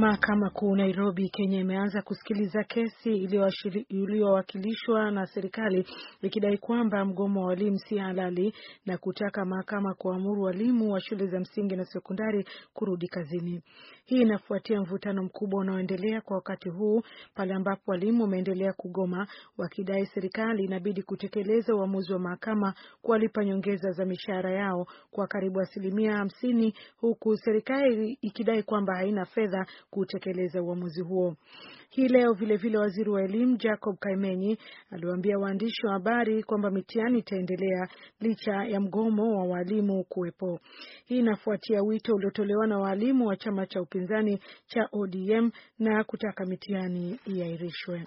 Mahakama Kuu Nairobi, Kenya imeanza kusikiliza kesi iliyowakilishwa na serikali ikidai kwamba mgomo wa walimu si halali na kutaka mahakama kuamuru walimu wa shule za msingi na sekondari kurudi kazini. Hii inafuatia mvutano mkubwa unaoendelea kwa wakati huu pale ambapo walimu wameendelea kugoma wakidai serikali inabidi kutekeleza uamuzi wa mahakama kuwalipa nyongeza za mishahara yao kwa karibu asilimia hamsini huku serikali ikidai kwamba haina fedha kutekeleza uamuzi huo. Hii leo vilevile vile waziri wa elimu Jacob Kaimenyi aliwaambia waandishi wa habari kwamba mitihani itaendelea licha ya mgomo wa waalimu kuwepo. Hii inafuatia wito uliotolewa na waalimu wa chama cha upinzani cha ODM na kutaka mitihani iahirishwe.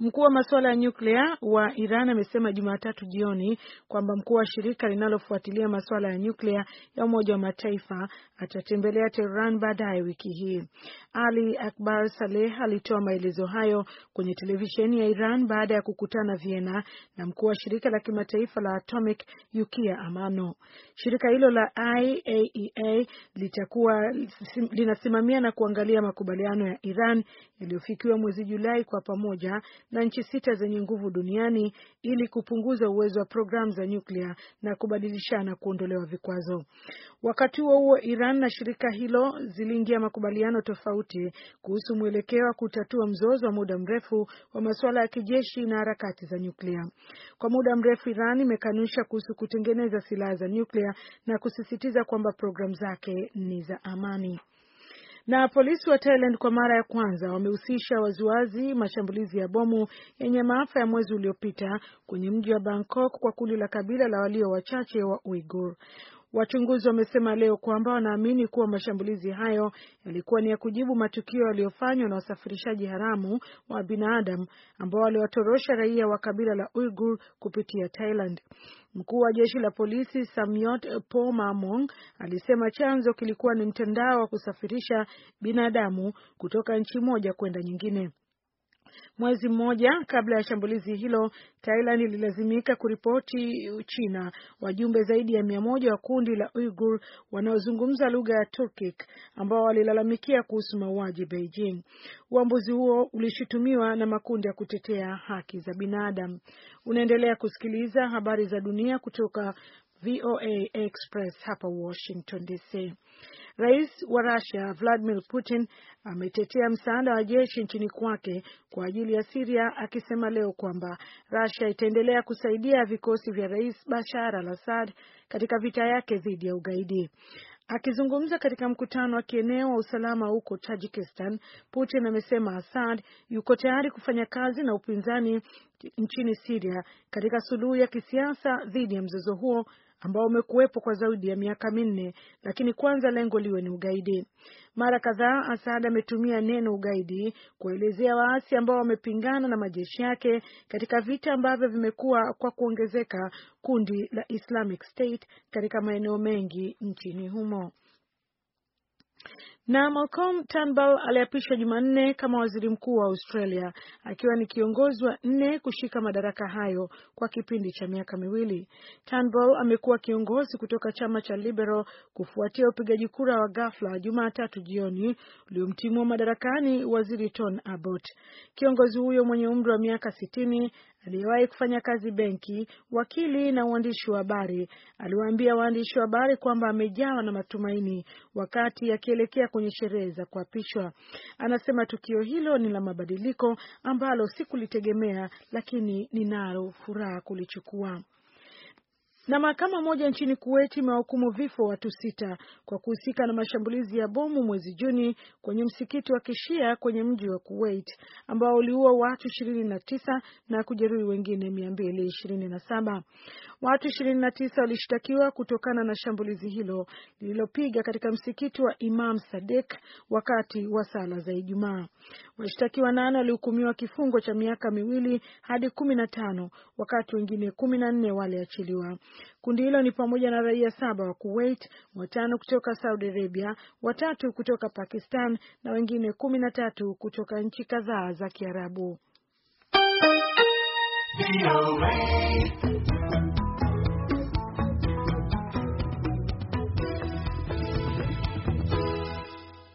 Mkuu wa masuala ya nyuklia wa Iran amesema Jumatatu jioni kwamba mkuu wa shirika linalofuatilia masuala ya nyuklia ya Umoja wa Mataifa atatembelea Tehran baadaye wiki hii. Ali Akbar Saleh alitoa maelezo hayo kwenye televisheni ya Iran baada ya kukutana Vienna na mkuu wa shirika la kimataifa la Atomic Yukia Amano. Shirika hilo la IAEA e litakuwa linasimamia na kuangalia makubaliano ya Iran yaliyofikiwa mwezi Julai kwa pamoja na nchi sita zenye nguvu duniani ili kupunguza uwezo wa programu za nyuklia na kubadilishana kuondolewa vikwazo. Wakati huo huo, Iran na shirika hilo ziliingia makubaliano tofauti kuhusu mwelekeo wa kutatua mzozo wa muda mrefu wa masuala ya kijeshi na harakati za nyuklia. Kwa muda mrefu, Iran imekanusha kuhusu kutengeneza silaha za nyuklia na kusisitiza kwamba programu zake ni za amani. Na polisi wa Thailand kwa mara ya kwanza wamehusisha waziwazi mashambulizi ya bomu yenye maafa ya mwezi uliopita kwenye mji wa Bangkok kwa kundi la kabila la walio wachache wa Uighur. Wachunguzi wamesema leo kwamba wanaamini kuwa mashambulizi hayo yalikuwa ni ya kujibu matukio yaliyofanywa na wasafirishaji haramu wa binadamu ambao waliwatorosha raia wa kabila la uigur kupitia Thailand. Mkuu wa jeshi la polisi Samyot Pomamong alisema chanzo kilikuwa ni mtandao wa kusafirisha binadamu kutoka nchi moja kwenda nyingine. Mwezi mmoja kabla ya shambulizi hilo, Thailand ililazimika kuripoti China wajumbe zaidi ya mia moja wa kundi la Uyghur wanaozungumza lugha ya Turkic ambao walilalamikia kuhusu mauaji Beijing. Uambuzi huo ulishutumiwa na makundi ya kutetea haki za binadamu. Unaendelea kusikiliza habari za dunia kutoka VOA Express hapa Washington DC. Rais wa Russia Vladimir Putin ametetea msaada wa jeshi nchini kwake kwa ajili ya Syria akisema leo kwamba Russia itaendelea kusaidia vikosi vya Rais Bashar al-Assad katika vita yake dhidi ya ugaidi. Akizungumza katika mkutano wa kieneo wa usalama huko Tajikistan, Putin amesema Assad yuko tayari kufanya kazi na upinzani nchini Syria katika suluhu ya kisiasa dhidi ya mzozo huo ambao umekuwepo kwa zaidi ya miaka minne, lakini kwanza lengo liwe ni ugaidi. Mara kadhaa Assad ametumia neno ugaidi kuelezea waasi ambao wamepingana na majeshi yake katika vita ambavyo vimekuwa kwa kuongezeka kundi la Islamic State katika maeneo mengi nchini humo. Na Malcolm Turnbull aliapishwa Jumanne kama waziri mkuu wa Australia akiwa ni kiongozi wa nne kushika madaraka hayo kwa kipindi cha miaka miwili. Turnbull amekuwa kiongozi kutoka chama cha Liberal kufuatia upigaji kura wa ghafla Jumatatu jioni uliomtimua madarakani waziri Tony Abbott. Kiongozi huyo mwenye umri wa miaka sitini aliyewahi kufanya kazi benki, wakili na uandishi wa habari aliwaambia waandishi wa habari kwamba amejawa na matumaini wakati akielekea kwenye sherehe za kuapishwa. Anasema tukio hilo ni la mabadiliko ambalo sikulitegemea, lakini ninalo furaha kulichukua. Na mahakama moja nchini Kuwait imewahukumu vifo watu sita kwa kuhusika na mashambulizi ya bomu mwezi Juni kwenye msikiti wa Kishia kwenye mji wa Kuwait ambao uliua watu 29 na kujeruhi wengine 227. Watu 29 walishtakiwa kutokana na shambulizi hilo lililopiga katika msikiti wa Imam Sadek wakati wa sala za Ijumaa. Washtakiwa nane walihukumiwa kifungo cha miaka miwili hadi 15 wakati wengine 14 waliachiliwa. Kundi hilo ni pamoja na raia saba wa Kuwait, watano kutoka Saudi Arabia, watatu kutoka Pakistan na wengine kumi na tatu kutoka nchi kadhaa za Kiarabu.